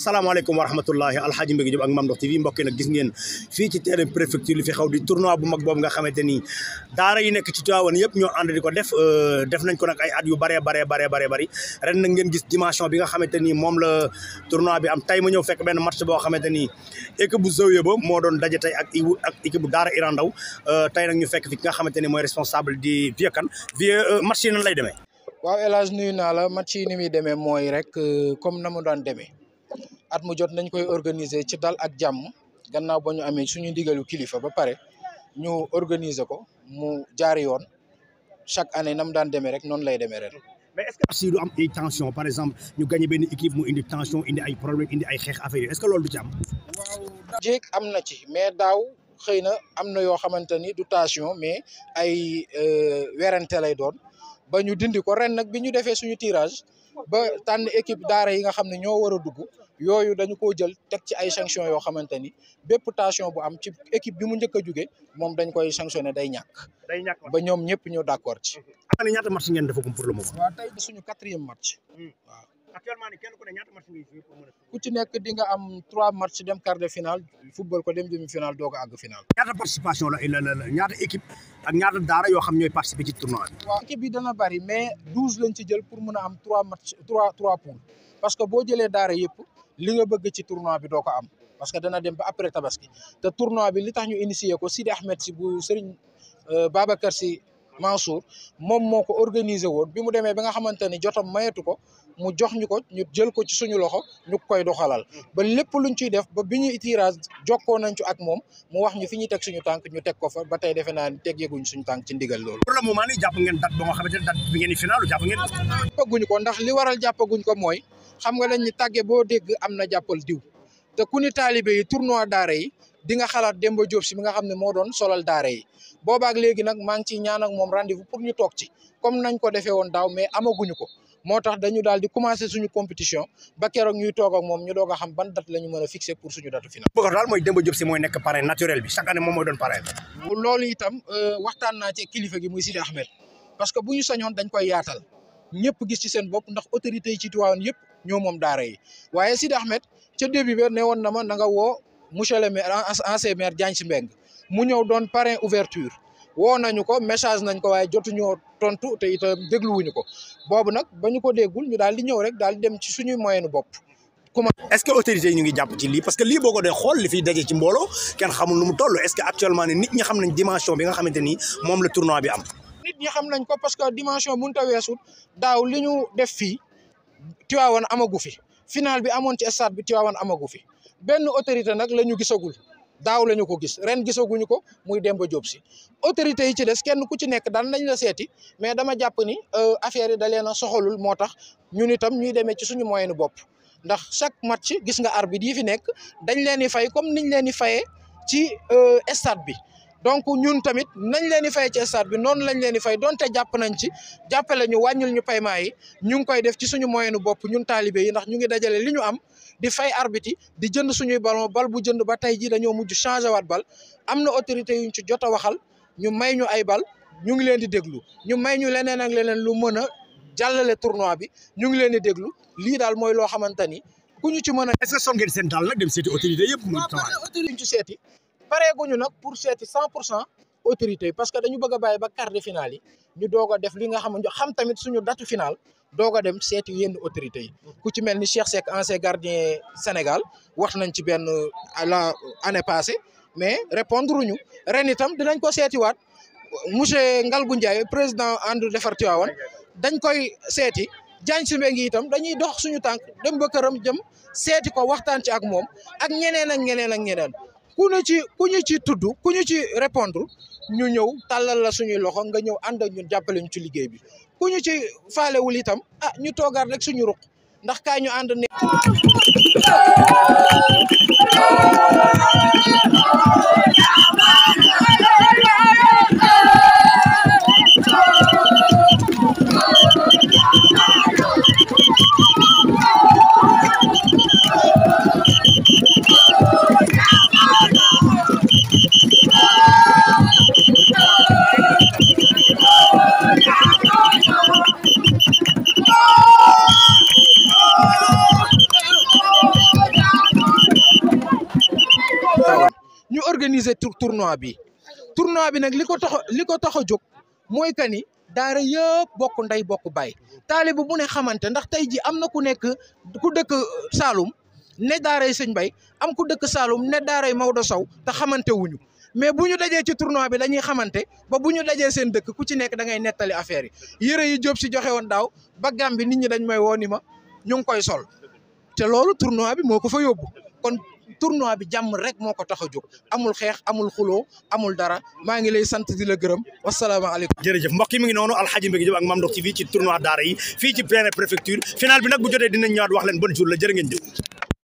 asalaamaaleykum wa rahmatullahi alxaaji Mbégi Jóob ak Mame Ndokh mbokk yi gis ngeen fii ci terrain préfecture li fi xaw di tournoi bu mag boobu nga xamante ni daara yi nekk ci Tivaouane yëpp ñoo ànd di ko def euh, def nañ ko nag ay at yu baree baree baree baree bëri ren nag ngeen gis dimension bi nga xamante ni moom la tournoi bi am tay ma ñëw fekk benn match boo xamante ni équipe bu Zawiya ba moo doon daje tey ak bu daara Ndaw euh, tey nag ñu fekk fi ki nga xamante ni mooy responsable di Vieux Kane Vieux euh, match yi lay demee waaw El Hadj naa la match yi ni muy demee mooy rek comme na mu daan demee at mu nañ koy organiser ci dal ak jàmm gannaaw ba ñu amee suñu ndigalu kilifa ba pare ñu organiser ko mu jaar yoon chaque année nam daan demee rek noonu lay demee ren. mais est-ce que si am ay tension par exemple ñu gagné benn équipe mu indi tension indi ay problème indi ay xeex affaire yi que loolu du ci am. jéeg am na ci mais daaw xëy na am na yoo xamante ni du tension mais ay euh, werante lay doon ba ñu dindi ko ren nag bi ñu defee suñu tirage. ba tànn équipe daara yi nga xam ne ñoo war a dugg yooyu dañu koo jël teg ci ay sanction yoo xamante ni bépp tension bu am ci équipe bi mu njëkk a jóge moom dañ koy sanctionné day ñàkk ba ñoom ñëpp ñoo d'accord ci. am na ñaata match ngeen defagum pour le moment. waaw tey suñu quatrième match hmm. waaw. actuellement kenn ku ne a. ci nekk di am trois match dem quart de finale football ko dem demi finale doog a àgg finale. ñaata participation la la la ñaata équipe ak ñaata daara yoo xam ñooy participer ci tournoi bi. waaw équipe bi dana bari mais douze lañ jël pour mën a am trois match trois trois poules parce que boo jëlee daara yëpp li nga bëgg ci tournoi bi doo ko am parce que dana dem ba après tabaski te tournoi bi li tax ñu initier ko Sidi Ahmed si bu Serigne euh, Babacar si. Mansour moom moo ko organisé woon bi mu demee ba nga xamante ni jotam mayetu ko mu jox ñu ko ñu jël ko ci suñu loxo ñu koy doxalal ba lépp luñ ciy def ba bi ñuy tirage jokkoo nañ ci ak moom mu wax ñu fi ñuy teg suñu tànk ñu teg ko fa ba tey defe naa ni teg yëguñ suñu tànk ci ndigal loolu. pour le moment nii jàpp ngeen date ba nga xamante ne date bi ngeen ko ndax li waral jàppaguñ ko mooy xam nga lañ ñu tàgge boo dégg am na jàppal diw te ku ni taalibe yi tournoi daara yi di nga xalaat Demba Diop si mi nga xam ne moo doon solal daara yi boobaak léegi nag maa ngi ciy ñaan moom rendez-vous pour ñu toog ci comme nañ ko defee woon daaw mais amaguñu ko moo tax dañu daal di commencé suñu compétition ba keroog ñuy toog ak moom ñu doog a xam ban date la ñu mën a fixé pour suñu datu final. bëgg daal mooy Demba Diop si mooy nekk parrain naturel bi chaque année moom mooy doon parrain. loolu itam euh, waxtaan naa ci kilifa gi muy Sidi Ahmed parce que bu ñu sañoon dañ koy yaatal ñëpp gis ci seen bopp ndax autorité yi ci Tivaouane yëpp ñoo moom daara yi waaye woon na ma na nga woo monsieur le maire ancien maire Diagne Sy Mbengue mu ñëw doon parrain ouverture woo nañu ko message nañ ko waaye jotuñoo tontu te itam dégluwuñu ko boobu nag ba ñu ko déggul ñu daal di ñëw rek daal di dem ci suñuy moyenu bopp. comment est-ce que autorités ñu ngi jàpp ci lii parce que lii boo ko dee xool li fi daje ci mbooloo kenn xamul lu mu toll est-ce que actuellement ni nit ñi xam nañ dimension bi nga xamante ni moom la tournoi bi am. nit ñi xam nañ ko parce que dimension ñu ta weesul daaw li ñu def fii Tivaouane amagu fi. final bi amoon ci stade bi Tivaouane amagu fi benn autorité nag la ñu gisagul daaw lañu ko gis ren gisaguñu ko muy Demba Diop si autorité yi ci des kenn ku ci nekk daan nañ la seeti mais dama jàpp ni euh, affaire yi da leen a soxalul moo tax ñun itam ñuy demee ci suñu moyenu bopp ndax chaque match gis nga arbitre yi fi nekk dañ leen di fay comme niñ leen di fayee ci euh, stade bi donc ñun tamit nañ leen di fay ci stade bi noonu lañ leen di fay donte jàpp nañ ci jàppale ñu wàññul ñu paiement yi ñu ngi koy def ci suñu moyenu bopp ñun taalibe yi ndax ñu ngi dajale li ñu am di fay arbitre di jënd suñuy ballon bal bu jënd ba tey jii dañoo mujj changé waat bal am na autorité yuñ ci jot a waxal ñu may ñu ay bal ñu ngi leen di déglu ñu may ñu leneen ak leneen lu mën a jàllale tournoi bi ñu ngi leen di déglu lii daal mooy loo xamante ni ku ñu ci mën a. est-ce que ñu ci seeti. pareeguñu nag pour seeti cent pour cent autorité yi parce que dañu bëgg a bàyyi ba quart de finale yi ñu doog a def li nga xam ne xam tamit suñu datu finale doog a dem seeti yenn autorités yi ku ci mel ni Cheikh Seck ancien gardien Sénégal wax nañ ci benn euh, la euh, année passée mais répondre uñu ren itam dinañ ko seetiwaat monsieur Ngalgou Ndiaye président ànd defar Tivaouane dañ koy seeti Diagne Simbe ngi itam dañuy dox suñu tànk dem ba këram jëm seeti ko waxtaan ci ak moom ak ñeneen ak ñeneen ak ñeneen ku ñu ci ku ñu ci tudd ku ñu ci répondre ñu ñëw tàllal la suñuy loxo nga ñëw ànd ak ñun jàppale ñu ci liggéey bi ku ñu ci falewul itam ah ñu toogaat rek suñu ruq ndax kaay ñu ànd ne tour tournoi bi tournoi bi nag li ko tax li ko tax a jóg mooy que ni daara yëpp bokk ndey bokk baay taaliba bu ne xamante ndax tey ji am na ku nekk ku dëkk Saalum ne daaray sëñ Bay am ku dëkk Saalum ne daaray Maodo Sow te xamante wuñu mais bu ñu dajee ci tournoi bi dañuy xamante ba bu ñu dajee seen dëkk ku ci nekk da nettali affaire yi yëre yi Jóob si joxe woon daaw ba gàm bi nit ñi dañ may woo ni ma ñu ngi koy sol te loolu tournoi bi moo fa yóbbu kon tournoi bi jàmm rek moo ko tax a jóg amul xeex amul xuloo amul dara maa ngi lay sant di la gërëm wasalaamaaleykum. jërëjëf mbokk yi mi ngi noonu Alxaaji Mbégi Jóob ak Mame Ndokh TV ci tournoi daara yi fii ci pleine préfecture final bi nag bu jotee dina ñëwaat wax leen bon jour la jërë ngeen